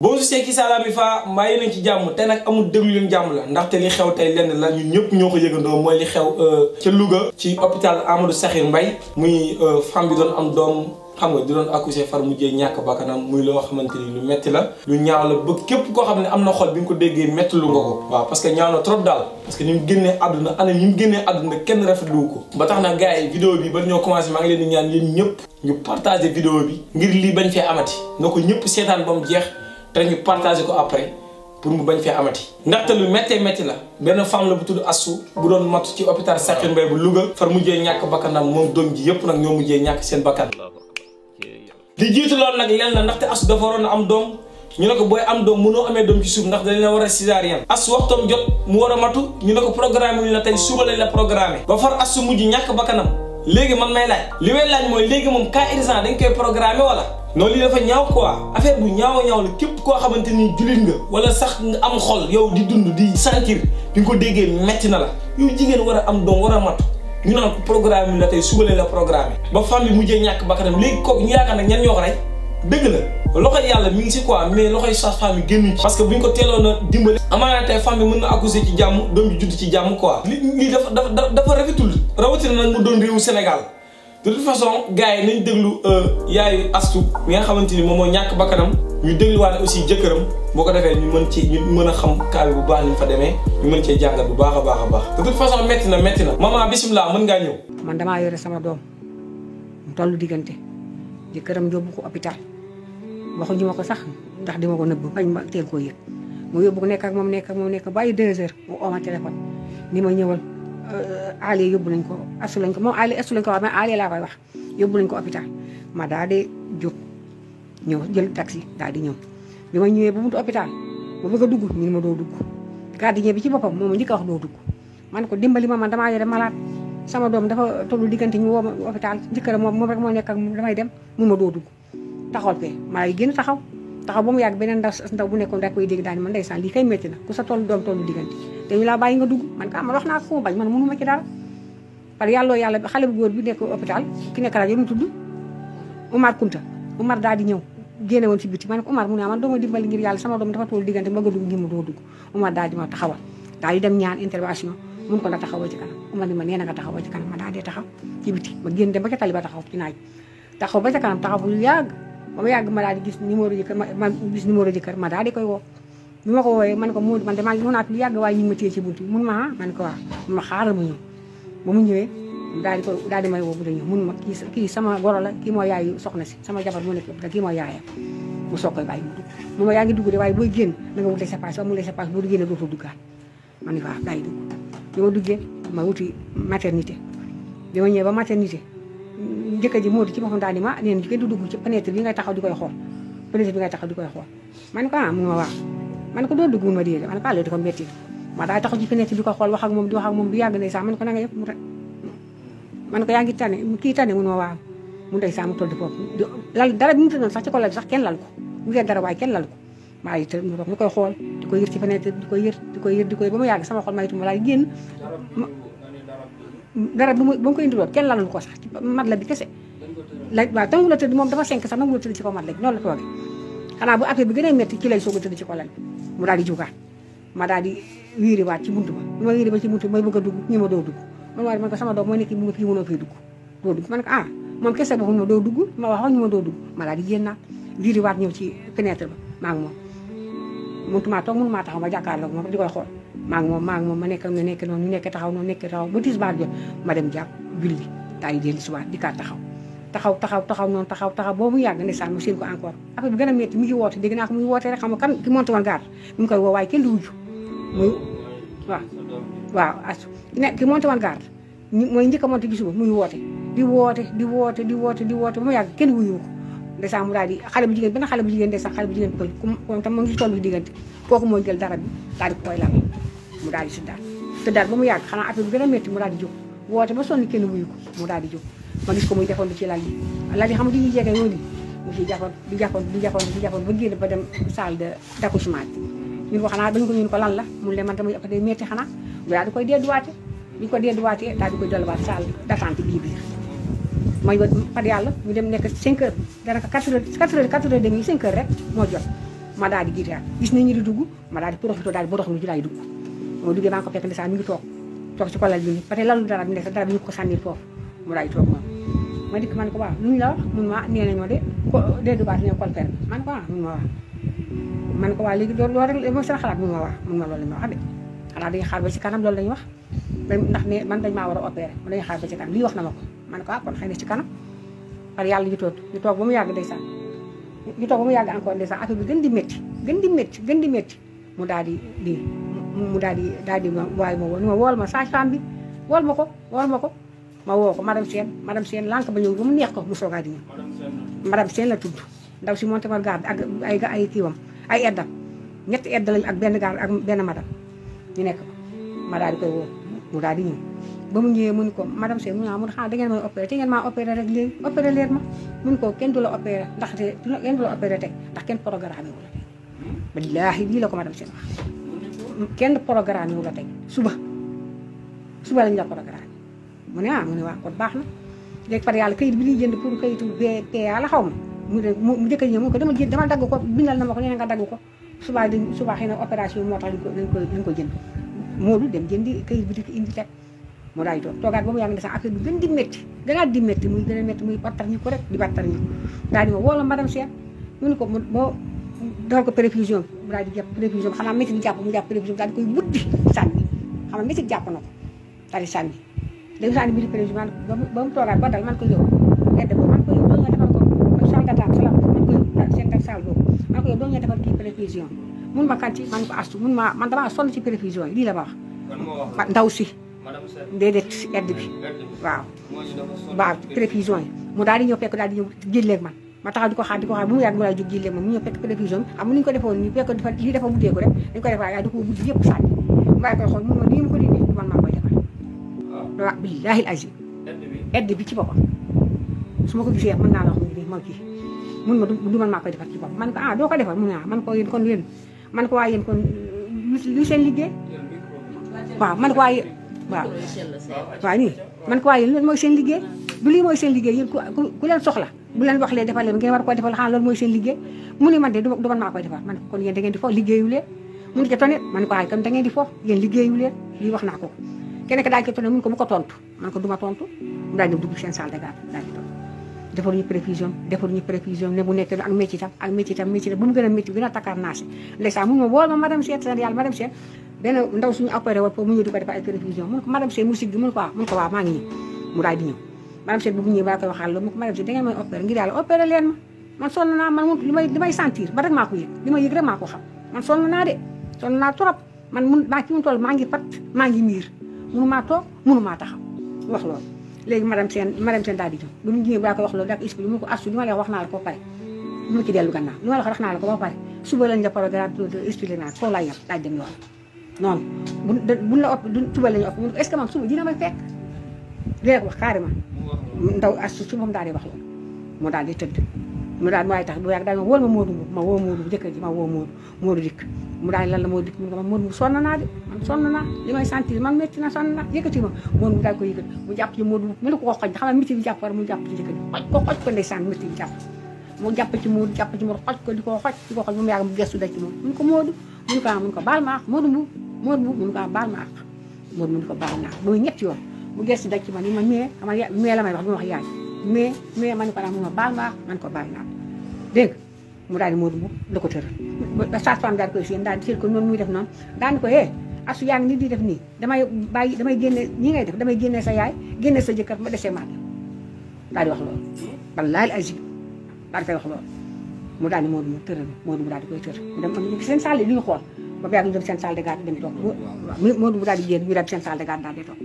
bonjour Cheikh Issa Laami Fa mbaa yéen ci jàmm te nag amul déglu leen jàmm la ndaxte li xew tey lenn la ñun ñëpp ñoo ko yëgandoo mooy li xew euh, ca Louga ci hôpital Amadou Sakhir Mbaye muy euh, femme bi doon am doom xam nga di doon accoucher far mujjee ñàkk bakkanam muy loo xamante ni lu metti la lu ñaaw la ba képp koo xam ne am na bi nga ko déggee metti lu ko waaw parce que ñaaw na trop daal parce que ni mu génnee àdduna ana ni mu génnee àdduna kenn rafetlu ko ba tax ba ñoo commencé maa ngi leen ñaan yéen ñëpp ñu partagé vidéo bi ngir lii bañ fee amati na ko ñëpp seetaan ba mu jeex te ñu partagé ko après pour mu bañ fee amati. ndaxte lu méttee métti la benn femme la bu tudd Assou bu doon matu ci hôpital Sakhir Mbaye bu Louga. far mujjee ñàkk bakkanam moom doom ji yëpp nag ñoo mujjee ñàkk seen bakkan. li jiitu loolu nag lenn la ndaxte Assou dafa waroon am doom ñu ne ko booy am doom mënoo amee doom ndax dañ la war a césarienne. Assou waxtoom jot mu ñu ne ko programme ñu la tey suba lañ la programmé. ba far Assou mujj ñàkk man may laaj li mooy léegi moom cas urgent dañ koy programmé wala. non lii dafa ñaaw quoi affaire bu ñaaw a ñaaw la képp koo xamante ni jullit nga wala sax nga am xol yow di dund di sentir bi nga ko déggee metti na la yow jigéen war a am doom war a mat ñu naan programe programme bi la tey suba la programme ba femme bi mujjee ñàkk bakkanam léegi kooku ñu yaakaar nag ñan ñoo ko rey dëgg la loxo yàlla mi ngi si quoi mais loxoy sage-femme bi génnuñ ci. parce que bu ñu ko teeloon a dimbali. amaana tey bi mën na accoucher ci jàmm doom bi ci jàmm quoi. li li dafa dafa dafa rafetul rawatina nag mu doon réewu Sénégal. de toute façon gars yi nañ déglu euh, yaayu astu mi nga xamante ni moom moo ñàkk bakkanam ñu dégluwaale aussi jëkkëram boo ko defee ñu mën ci mën a xam kaa bu baax ni fa demee ñu mën cee jàngat bu baax a baax façon métti na métti na maman bisimilah mën ngaa ñëw man damaa yore sama doom mu diggante jëkkëram yóbbu ko hôpital waxuñu ma ko sax ndax dima ko nëbb bañ ma teel koo yëg mu yóbbu nekk ak moom nekk ak moom nekk bàyyi deux heures ni ma ñëwal Euh, Ali yóbbu nañ ko asu lañ ko moom Ali asu ko wax mais Ali laa koy wax yóbbu nañ ko hôpital ma daal di jóg ñëw jël taxi daal di ñëw ma ñëwee ba buntu hôpital ma bëgg a dugg ñu ma doo dugg gardien bi ci boppam moom njëkk a wax doo dugg man ko dimbali ma man damaa yore malade sama doom dafa tollu diggante ñu woo ma hôpital njëkkëra moom moom rek moo nekk ak damay dem mun ma doo dugg taxawal fee maa ngi génn taxaw taxaw ba mu yàgg beneen ndaw ndaw bu nekkoon rek koy dégg daal man ndeysaan lii doom tollu diggante te laa bàyyi nga dugg man ka man wax naa ko ma bañ man mënu ma ci dara par yàlloo yàlla xale bu góor bi nekk hôpital ki nekk rajo ñu tudd Umar Kunta di ñëw génne woon ci biti ah, ma ne ko Umar sama doom dafa tool diggante ma nga dugg ngir ma dem ñaan intervention mun ko la taxawal ci kanam ma nee na nga ci kanam ma daal di taxaw ci biti ma génn dem ba taxaw ci naaj taxaw ba ca kanam taxaw bu yàgg yàgg ma daal gis numéro ji kër ma gis numéro ji daal di koy woo bi ma ko wooyee man ko Modou man damaa ñëw naa fi lu yàgg waaye ñu ngi ma téye mun ma ah man ko waaw mun ma xaaral ma mu ñëwee daal di ko daal di may mun ma kii kii sama goro la kii mooy yaay soxna si sama jabar moo nekk te kii mooy yaayam mu soog koy bàyyi mu dugg mun ma yaa ngi dugg de waaye booy génn na a wutee sa passe waaye mu wutee sa passe boo génnee dootoo duggaat ah, dugg ma wuti maternité bi ma ñëwee ba maternité njëkk ji Modou ci boppam daal di ma neen kenn dugg ci fenêtre bi ngay taxaw di koy xool fenêtre bi ngay taxaw di koy xool man ko ah mun ma waaw man ko doo dugg Madina man ko àll di ko métti ma daal taxaw ci fenêtre bi ko xool wax moom di wax moom du yàgg ndeysaan man mu kii tane mun ma waaw mu ndeysaan mu tëdd foofu lal dara bi mu tëddoon sax ci ko lal sax kenn lal ko mu dee dara lal ko maa yi tëdd koy xool di ko yër ci fenêtre di ko yër di ko yër di ko yër ba mu yàgg sama xol maytu ma laaj génn bu koy indiloon kenn lalul ko sax mat la bi kese la waaw tangu la tëdd moom dafa senk sax nangu la tëdd ci kaw mat la noonu la toogee xanaa bu affaire bi gën a métti ci lay soog a tëdd ci ko lal mu juga, di jógaat ma daal di wéerewaat ci buntu ba bi ma wéere ba ci may bëgg ñi ma man man ko sama doom mooy nekk mu fii mënoo fii man ko ah moom kese boobu ñu ma doo dugg ma waxoon ñu ma doo dugg ma daal di génnaat wéerewaat ñëw ci fenêtre ba maa ngi moom mënutumaa toog mënumaa taxaw ma jàkkaarloog moom di koy xool maa ngi moom maa ngi moom ma nekk nekk ñu nekk taxaw nekk taxaw tis baat jot ma dem julli di taxaw taxaw taxaw taxaw noonu taxaw taxaw boobu yàgg ndeysaan mu seen ko encore affaire bi gën a métti mu ngi woote dégg naa ko muy woote rek xam nga kan woo di woote di woote di woote di woote ba mu yàgg kenn wuyu ko ndeysaan mu daal di xale bu jigéen benn xale bu jigéen ndeysaan xale bu jigéen pël ku tam mu ngi moo jël dara bi daal di koy lal mu daal di te daal ba mu yàgg xanaa affaire bi gën a métti mu daal di jóg woote ba sonn kenn wuyu ko mu daal di jóg ma gis ko muy defoon ci lal yi lal di xam nga di ñuy jege yoon yi mu ciy jàppoon di jàppoon di jàppoon di jàppoon ba génn dem salle de d'accouchement bi ñun ko xanaa dañ ko lan la mu le man tamit après day métti xanaa mu daal di koy dédduwaate bi ko dédduwaatee daal di koy dolliwaat salle d'attente bii biir mooy ba par yàlla ñu dem nekk 5 heures danaka 4 heures 4 heures 4 heures demi moo jot ma daal di giitaat gis nañu di dugg ma daal di profité daal di boroxlu ci daal di dugg duggee maa ngi ko fekk ndeysaan mi ngi toog toog ci ko lal bi nii parce que lalu dara bi nekk dara bi ñu ko sànni foofu mu daay toog moom ma dikk man ko waaw luñ la wax mun ma nee nañ ma de ko de du man ko waaw mun ma wax man ko waa léegi loolu rek mooy seen xalaat mun ma wax mun ma loolu la ñu wax ah, de xanaa dañuy xaar ba ci kanam loolu lañu wax ndax ne man dañ maa war a opéré dañuy xaar ba ci kanam lii wax na ma ko man ko ah kon xëy na ci kanam par yàlla ñu toog ñu toog ba mu yàgg ndeysaan ñu toog ba mu yàgg encore ndeysaan affaire bi gën di métti gën di métti gën di métti mu mu daal di daal di ma waaye ma woo ni ma wool ma sage-femme wool ma ko wool ma ko ma woo ko madame Sène madame Sène lànk ba ñëw ba mu neex ko mu soogaa di ñëw madame Sène la tudd ndaw si monté ma gaar bi ay ay kiiwam ay eddam ñetti edda lañ ak benn gaar ak benn madame ñu nekk ma daal di koy woo mu daal di ñëw ba mu ñëwee mu ni ko madame Sène mu ne ah man xanaa da ngeen may opéré te ngeen maa opéré rek léegi ma mu ko kenn du la opéré ndax kenn du la opéré tey ndax kenn programme wu la wallaahi hmm? lii la ko madame Sène wax kenn programme wu la tey suba suba lañ la programme mu ne ah mu ne waa kon baax na léegi par yàlla kayit bi ñuy jënd pour kayitu BPA la xaw mu ne mu jëkk ñëw mu ko jënd ko bindal na ma ko nee na nga dagg ko subaa moo tax lañ ko lañ ko jënd Modou dem jëndi kayit bi di ko indi teg mu daal di toog toogaat boobu yaa ngi desaan affaire bi gën di métti gënaat di métti battar ñu ko di battar ñu daal di ma woo la madame Cheikh dool ko prévision daal di jàpp prévision xam naa métti bi jàpp mu jàpp koy buddi sànni xam naa métti jàpp na ko daal di sànni léegi sànni bi di prévision man ba mu toogaat ba dal man ko yow edd boobu man ko yow doo nga defal ko sol ko yow ci prévision yi la ma si déedéet edd bi waaw yi mu daal di ñëw fekk daal di ñëw jëlleeg ma taxaw di ko xaar di ko xaar bu mu yàgg mu laa jóg jille ma mu ñëw fekk télévision bi am ni ñu ko defoon nii fekk dafa lii dafa mujjee ko rek dañu ko def waaye da ko mujj yëpp sànni mbaa koy xool mu ma nii ma ko dindee man maa koy defal ah. waaw billaahil azim edd bi ci boppam su ma ko gisee mën naa la wax ni ma kii mun ma du man maa koy defal ci boppam man ko ah doo ko defal mun naa man ko yéen kon yéen man ko waaye yéen kon lu seen liggéey waaw man ko waaye waaw waaw nii man ko waaye yéen loolu mooy seen liggéey du lii mooy seen liggéey yéen ku leen soxla bu leen wax lee defal leen ngeen war koo defal xanaa loolu mooy seen liggéey mu ne man de du man maa defal man kon yéen da ngeen di foof liggéeyu leen mu ne ca tonit man ko ay kon da ngeen di foof yéen liggéeyu leen lii wax naa ko ka daal ca tonit mun ko bu ko tontu man ko du tontu mu daal dugg seen salle de garde daal di tontu defal ñu prévision defal ñu prévision ne bu nekk ak métti tam ak métti tam métti tam bu mu gën a métti gën a takkaar naasi ndeysaan mun ma wool ma madame Sène sa yàlla madame Sène benn ndaw suñu opéré wa mu ñëw di ko def ay prévision mun ko madame Sène mu sigg mun ko waaw mun ko waaw maa ngi mu daal di ñëw maanaam seet bu baa koy waxal loolu ma man sonn naa man mun li may li may sentir ba rek maa ko yëg li may yëg rek maa ko xam man sonn naa de sonn naa trop man mun maa mun toll maa ngi pat maa ngi miir munu maa toog munu maa taxaw wax loolu léegi madame seen madame seen daal bu mu wax loolu dak expliqué mu ma la wax naa la ko pare lu ma ci dellu gannaaw li ma wax naa la ko ba pare naa foofu laay yem laaj dem yoon noonu bu la op suba lañu op est-ce que man suba dina may fekk léegi wax carrément ndaw astu si moom daal di wax loolu mu daal di tëdd mu daal waaye tax bu yàgg daal ma wóor ma Moodu ma woo Moodu jëkkër ji ma woo Moodu Moodu dikk mu daal lan la moo dikk mu dama Moodu sonn naa de man sonn naa li may sentir man métti na sonn naa yëkkati ma Moodu mu daal koy yëkkati mu jàpp ci Moodu mu ne ko xoj xam ne métti bi jàpp war mu jàpp ci jëkkër ji xoj ko xoj ko ndeysaan métti bi jàpp mu jàpp ci Moodu jàpp ci Moodu xoj ko di ko xoj di ko xoj mu yàgg mu gestu daj ci Moodu mu ne ko Moodu mu ne ko ah mu ne ko baal ma ah Moodu mu Moodu mu mu ne ko ah baal ma ah Moodu mu ne ko baal ma ah muy ñetti yoon mu des si daj ci man ni ma mais ama mais la may wax du ma wax yaay mais mais man ko naa ah, mu ma baal ma man ko bàyyi naa dégg mu daal di Modou Mbow la ko daal koy ko noonu muy def noonu daani ko hee eh, asu yaa nit di def nii damay bàyyi damay génne ñi ngay def damay génne sa yaay génne sa jëkkër ma desee maat daal di wax loolu wallaahi azim daal di koy wax loolu mu daal di Modou Mbow tëral Modou Mbow daal di koy tër mu seen sàll li xool ba mu ñu dem seen salle de garde gën toog waaw Modou mu daal di génn ñu dem seen salle de garde daal di toog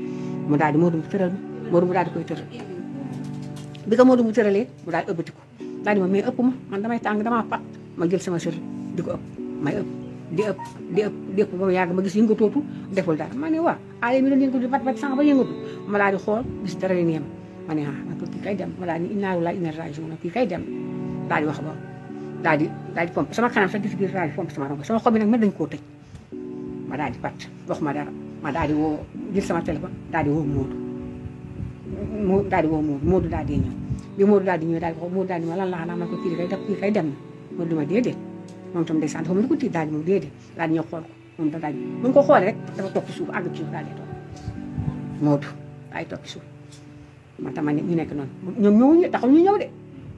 mu daal di Modou mu tëral mu ko Modou mu tëralee ma ëpp ma damay tàng damaa pat ma jël sama di ko ëpp may ëpp di ëpp mu yàgg ma gis yëngu tootu deful dara ma ne waaw aale mi doon yëngu di bat bat sànq ba yëngatu ma daal di xool gis dara yi neem ma ne ah kii kay dem ma daal di inaaru laa inaa rajo kii kay wax ba daal di daal di pompe sama kanam sax gis-gis daal di pompe sama rongo sama nag mën dañu koo tëj ma daal pat wax ma dara ma daal di woo jël sama téléphone daal di woo Moodu mu woo Moodu Moodu daal di ñëw bi Moodu daal di ko Moodu ma lan ma ko kii kay kay dem na Moodu di ma déedéet moom itam ndeysaan ko tiit daal ma déedéet daal di ko moom itam daal ko xoolee rek dafa toog ci suuf àgg ci suuf daal di toog Moodu daal di toog ma ne ñu nekk noonu ñoom ñoo taxaw ñu ñëw de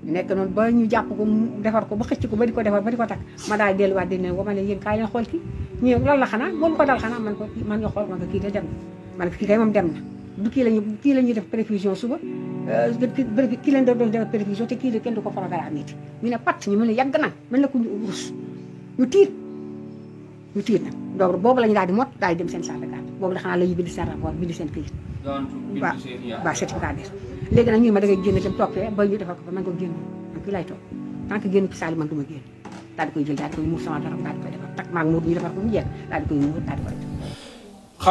nekk noonu ba ñu jàpp ko defar ko ba xëcc ko ba di ko defar ba di ko takk ma daal delluwaat di ne wa ma ne yéen kaay leen xool kii ñëw lan la xanaa moom ko dal xanaa man ko man nga xool man ko kii de dem na man ko kii kay la ñuy def prévision suba euh, kii lañ doon def prévision te kii de kenn du ko programme it ñu ne patt ñu mel na mel na ku ñu rus ñu tiit boobu la ñu daal di mot daal di dem seen sàrdakaan boobu la xanaa la ñu bind seen rapport bind seen këyit waaw waaw certificat bi léegi nag ñu ma dangay génn dem toppee ba ñu ma génn daal di koy jël daal di koy muur sama dara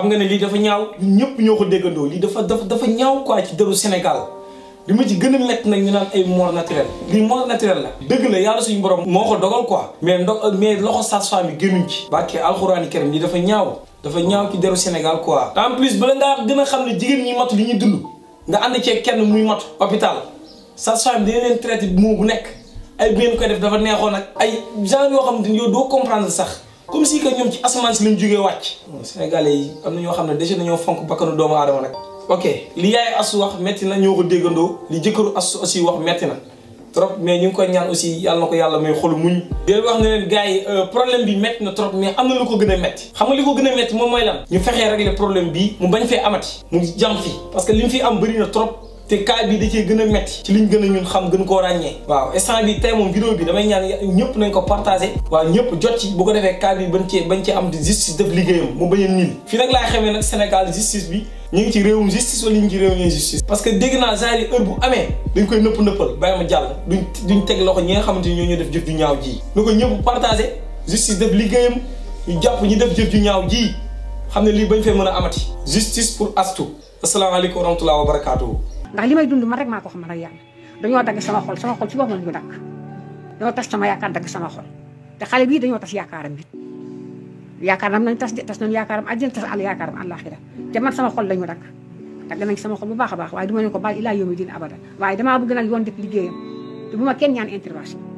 nga ne lii dafa ñaaw ñëpp ñoo ko déggandoo lii dafa dafa dafa ñaaw quoi ci dëru Sénégal li ma ci gën a métti nag ñu naan ay mort naturelle lii mort la dëgg la yàlla suñu borom moo ko dogal quoi mais ndog mais loxo sage-femme yi génnuñ ci bàkkee alxuraani karim lii dafa ñaaw dafa ñaaw ci deru Sénégal quoi en plus bala ngaa gën a xam ne jigéen ñi matu li ñu dund nga ànd ceeg kenn muy mot hôpital sage-femme dina leen traité moo bu nekk ay bu ngeen koy def dafa neexoon nag ay genre yoo xam ne yow doo comprendre sax comme si que ñoom ci asamaan si lañ jógee wàcc. Sénégalais yi am na ñoo xam ne déjà nañoo fonk bakkanu doomu aadama nag. ok li yaay asu wax metti na ñoo ko déggandoo li jëkkëru asu aussi wax metti na. trop mais ñu ngi koy ñaan aussi yàlla ko yàlla may xolu muñ deel wax ne leen gars euh, problème bi métti na trop mais am na lu ko gën a métti xam nga li ko gën a métti moom mooy lan ñu fexee régler problème bi mu bañ fee amati mu jam fi parce que li mu fi am bëri trop te cas bi da cee gën a métti ci li liñ gën a ñun xam gën koo ràññee waaw instant bi tey moom vidéo bi damay ñaan ñëpp nañ ko partagé waaw ñëpp jot ci bu ko defee cas bi bañ cee bañ cee am justice def liggéeyam mu bañ a niil fii nag laay bi ñu ngi ci réewum justice parce que dégg naa genre yi heure bu amee dañ koy nëpp nëppal bàyyi ma jàll duñ duñ teg loxo ñi nga xamante ni ñoo ñu def jëf ju ñaaw ji na ko ñëpp partagé justice def liggéeyam ñu jàpp ñu def jëf ju ñaaw jii xam ne lii bañ fee mën a amati justice pour Astou asalaamaaleykum wa rahmatulah wa barakaatu ndax li may dund man rek maa ko xam man ak yàlla dañoo dagg sama xol sama xol ci boppam lañu dagg dañoo tas sama yaakaar dagg sama xol te xale bii dañoo tas yaakaaram bi yaakaaram nañ tas de tas nañ yaakaaram àjjana tas àll yaakaaram àllaaxira te man sama xol lañu dagg dagg nañ sama xol bu baax a baax waaye du ma leen ko baal ilaa yawmi diin waaye damaa bëgg nag yoon def liggéeyam te bu ma kenn ñaan intervention